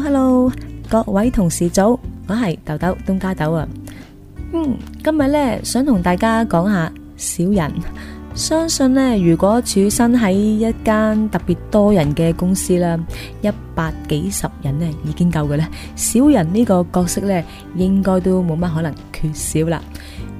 hello hello，各位同事早，我係豆豆東加豆啊。嗯，今日呢，想同大家講下小人。相信呢，如果處身喺一間特別多人嘅公司啦，一百幾十人呢已經夠嘅咧，小人呢個角色呢，應該都冇乜可能缺少啦。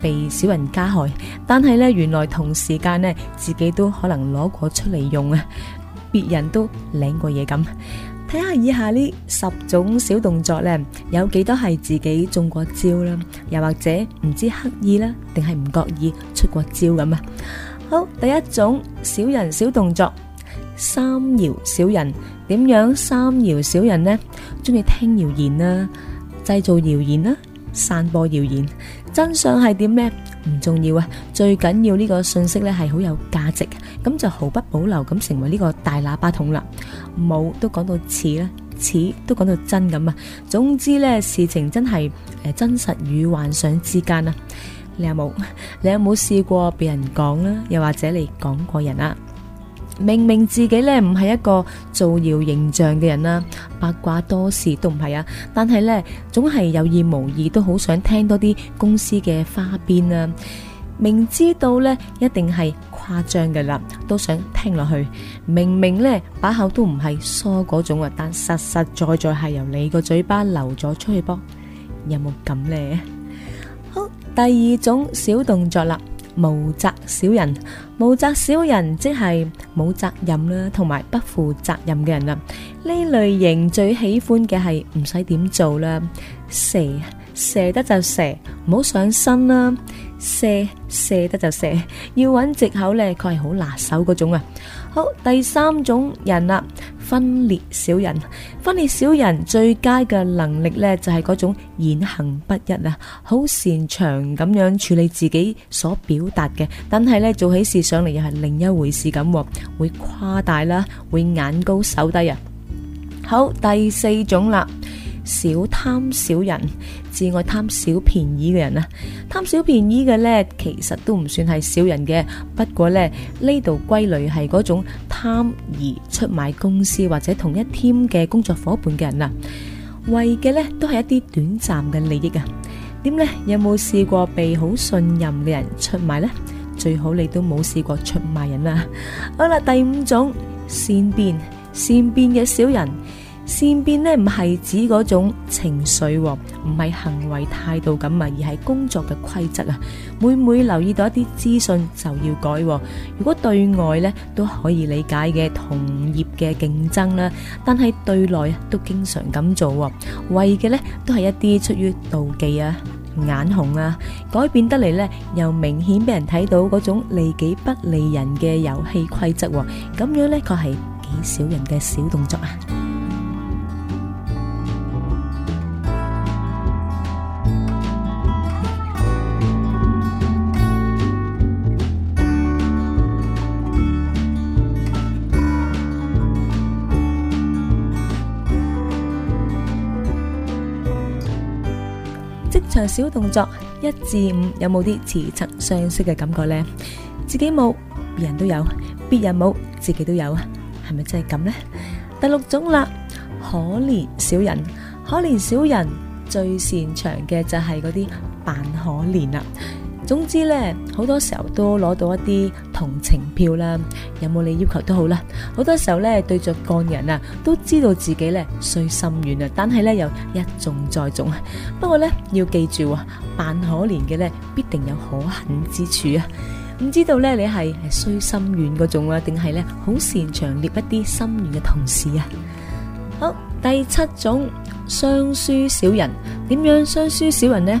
被小人加害，但係咧，原來同時間咧，自己都可能攞過出嚟用啊！別人都領過嘢咁，睇下以下呢十種小動作咧，有幾多係自己中過招啦，又或者唔知刻意啦，定係唔覺意出過招咁啊？好，第一種小人小動作，三搖小人，點樣三搖小人咧？中意聽謠言啊，製造謠言啊？散播謠言，真相係點咩？唔重要啊，最緊要呢個信息咧係好有價值啊！咁就毫不保留咁成為呢個大喇叭筒啦。冇都講到似啦，似都講到真咁啊！總之咧，事情真係誒真實與幻想之間啊！你有冇？你有冇試過被人講啦？又或者你講過人啊？明明自己咧唔係一個造謠形象嘅人啦，八卦多事都唔係啊，但係咧總係有意無意都好想聽多啲公司嘅花邊啊。明知道咧一定係誇張噶啦，都想聽落去。明明咧把口都唔係梳嗰種啊，但實實在在係由你個嘴巴流咗出去噃，有冇咁咧？好，第二種小動作啦。無責小人，無責小人即係冇責任啦，同埋不負責任嘅人啊！呢類型最喜歡嘅係唔使點做啦，卸，卸得就卸，唔好上身啦，卸，卸得就卸，要揾藉口咧佢係好拿手嗰種啊！好，第三種人啦。分裂小人，分裂小人最佳嘅能力呢，就係嗰種言行不一啊，好擅長咁樣處理自己所表達嘅，但係呢，做起事上嚟又係另一回事咁，會誇大啦，會眼高手低啊。好，第四種啦，少貪小人，至愛貪小便宜嘅人啊，貪小便宜嘅呢，其實都唔算係小人嘅，不過呢，呢度歸類係嗰種。貪而出賣公司或者同一 team 嘅工作夥伴嘅人啊，為嘅呢都係一啲短暫嘅利益啊。點呢？有冇試過被好信任嘅人出賣呢？最好你都冇試過出賣人啊。好啦，第五種善變，善變嘅小人。善變咧，唔係指嗰種情緒，唔係行為態度咁啊，而係工作嘅規則啊。每每留意到一啲資訊就要改，如果對外咧都可以理解嘅同業嘅競爭啦，但係對內都經常咁做，為嘅咧都係一啲出於妒忌啊、眼紅啊，改變得嚟咧，又明顯俾人睇到嗰種利己不利人嘅遊戲規則，咁樣咧確係幾小人嘅小動作啊！職場小動作一至五，有冇啲似曾相識嘅感覺呢？自己冇，別人都有；別人冇，自己都有啊，係咪真係咁呢？第六種啦，可憐小人，可憐小人最擅長嘅就係嗰啲扮可憐啦。總之咧，好多時候都攞到一啲同情票啦，有冇你要求都好啦。好多時候咧，對着個人啊，都知道自己咧衰心軟啊，但係咧又一縱再縱。不過咧，要記住啊，扮可憐嘅咧必定有可恨之處啊。唔知道咧，你係係衰心軟嗰種啊，定係咧好擅長獵一啲心軟嘅同事啊？好，第七種，雙輸小人，點樣雙輸小人咧？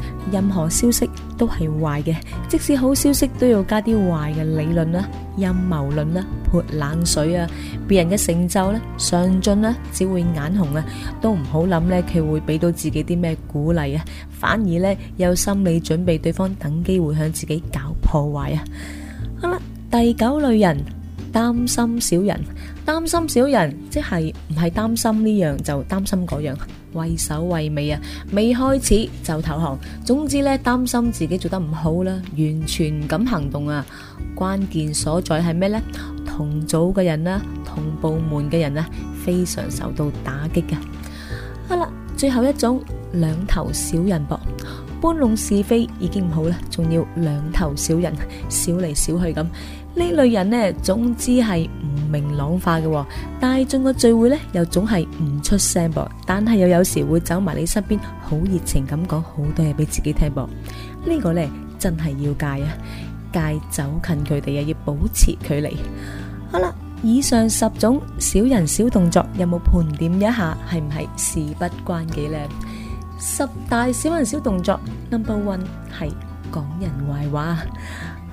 任何消息都係壞嘅，即使好消息都要加啲壞嘅理論啦、陰謀論啦、潑冷水啊！別人嘅成就呢、上進呢，只會眼紅啊，都唔好諗呢佢會俾到自己啲咩鼓勵啊，反而呢有心理準備，對方等機會向自己搞破壞啊！好啦，第九類人。擔心小人，擔心小人，即係唔係擔心呢樣就擔心嗰樣，畏首畏尾啊，未開始就投降。總之呢，擔心自己做得唔好啦，完全唔敢行動啊。關鍵所在係咩呢？同組嘅人啦，同部門嘅人啊，非常受到打擊嘅。好啦，最後一種兩頭小人噃，搬弄是非已經唔好啦，仲要兩頭小人，少嚟少去咁。呢類人呢，總之係唔明朗化嘅，大眾嘅聚會呢又總係唔出聲噃，但係又有時會走埋你身邊，好熱情咁講好多嘢俾自己聽噃。呢個呢真係要戒啊，戒走近佢哋啊，要保持距離。好啦，以上十種小人小動作，有冇盤點一下？係唔係事不關己呢？十大小人小動作，number one 係講人壞話。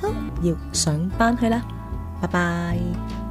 好，要上班去啦，拜拜。